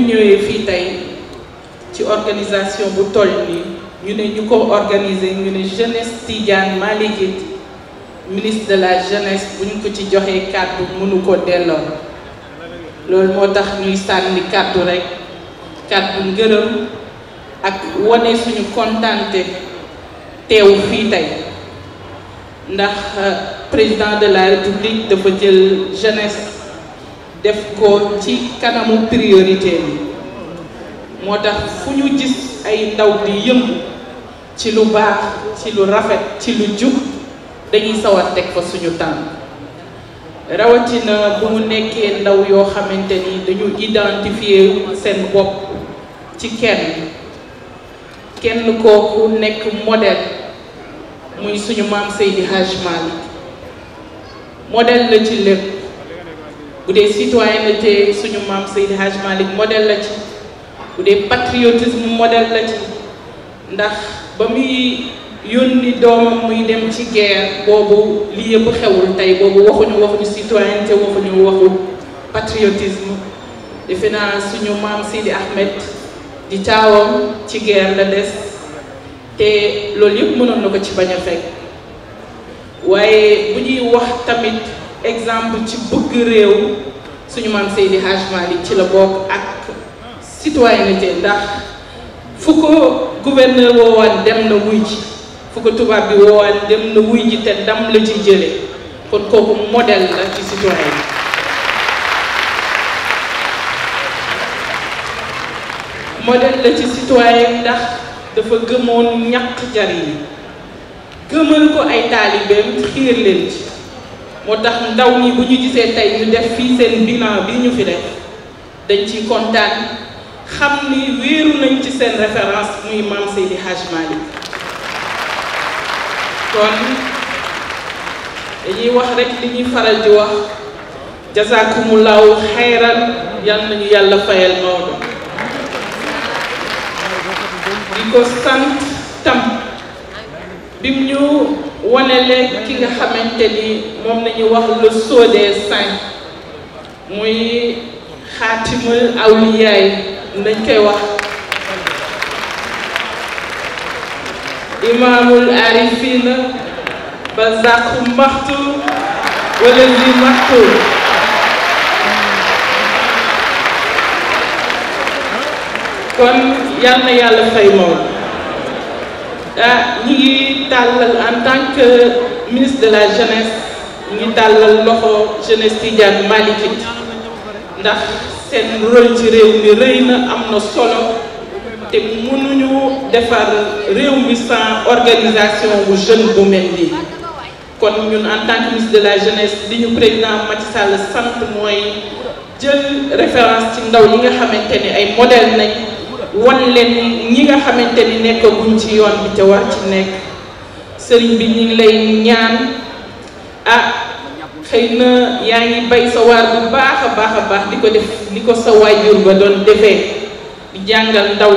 ñu ñëwee fii ci organisation bu toll nii ñu ne ñu ko organiser ñu ne jeunesse Tidiane Malick Guèye ministre de la jeunesse bu ñu ko ci joxee kàddu mënu ko delloo loolu moo tax ñuy sànni kàddu rek kàddu ngërëm ak wane suñu kontante teew fii tey ndax euh, président de la république dafa jël jeunesse def ko ci kanamu priorité bi moo tax fu ñu gis ay ndaw di yëngu ci lu baax ci lu rafet ci lu jub dañuy sawar teg fa suñu tànk rawatina bu mu nekkee ndaw yoo xamante ni dañu identifier seen bopp ci kenn kenn kooku nekk modèle muy suñu maam Seydi Hadj Malick modèle la ci lépp bu dee citoyenneté suñu maam Seydi Hadj Malick modèle la ci bu dee patriotisme modèle la ci ndax ba muy yónni doomam muy dem ci guerre boobu li yëpp xewul tey boobu waxuñu waxuñu citoyenneté waxuñu waxu patriotisme defe suñu maam Seydi Ahmed di taawam ci guerre la des te loolu yëpp mënoon na ko ci bañ a fekk waaye bu ñuy wax tamit exemple ci bëgg réew suñu maam Seydi Hadj Malick ci la bokk ak citoyenneté ndax fu ko gouverneur woowaan dem na wuy ji fu ko tubaab bi woowaan dem na wuy ji te ndam la ci jëlee kon kooku modèle la ci citoyen modèle la ci citoyen ndax dafa gëmoon ñàkk jariñ gëmal ko ay taalibeem xiir leen ci motax ndaw ñi buñu gisé tay ñu def fi seen bilan bi ñu fi def dañ ci contane xam ni wëru nañ ci seen référence muy mam Seydi Hadj malik kon dañuy wax rek li ñuy faral di wax jazakumullahu khairan yal nañu yàlla fayal Maodo di ko sant tam bim ñu wone leen ki nga xamante ni moom la wax le sceau des muy xaatimul awliyaay dañ koy wax imaamul arifina bazaku maxtu wala li maxtu kon yal na yàlla fay moom ah ñi ngi tàllal en tant que ministre de la jeunesse ñi ngi tàllal loxo jeunesse Tidiane Malikite ndax seen rol ci réew mi rëy na am na solo te mënuñu defar réew mi sans organisation bu jeune bu mel nii kon ñun en tant que ministre de la jeunesse li ñu président Macky Sall sant mooy jël référence ci ndaw yi nga xamante ni ay modèle nañ wan leen ñi nga xamante ni nekkaguñ ci yoon bi te war ci nekk sëriñ bi ñu lay ñaan ah xëy na yaa ngi bay sa waar bu baax a baax a baax di ko def di ko sa waajur ba doon defee di jàngal ndaw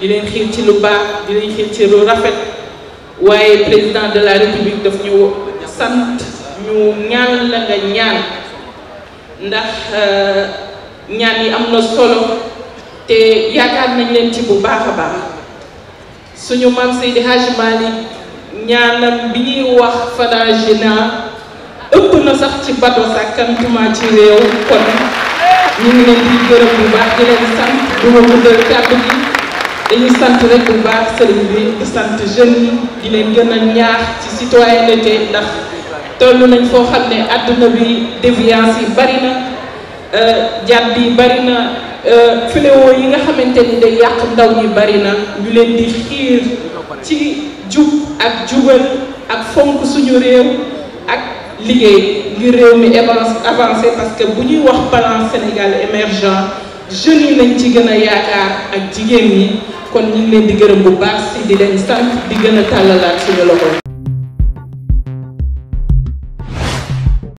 di leen xiir ci lu baax di leen xiir ci lu rafet waaye président de la république daf ñu sant ñu ñaan la nga ñaan ndax euh, ñaan yi am na solo te yaakaar nañ leen ci bu baax a baax suñu maam Seydi Hadji Malick ñaanam bi ñuy wax Fanaajina ëpp na sax ci bato sàkkantuma ci réew kon ñu ngi leen di gërëm bu baax di leen sant du ma guddal bi di sant jeunes yi di leen gën a ñaax ci citoyenneté ndax toll nañ foo xam ne àdduna bi déviance yi bari na euh, jàdd yi bari na Euh, fléau yi nga xamanteni day yàq ndaw ñi bari na ñu leen di xiir ci jub ak jubal ak fonk suñu réew ak liggéey ngir réew mi avancé parce que bu ñuy wax plan Sénégal émergent jeunes yi lañ ci gën a yaakaar ak jigéen ñi kon ñu ngi leen di gërëm bu baax si di leen sant di gën a tàllalaat suñu loxo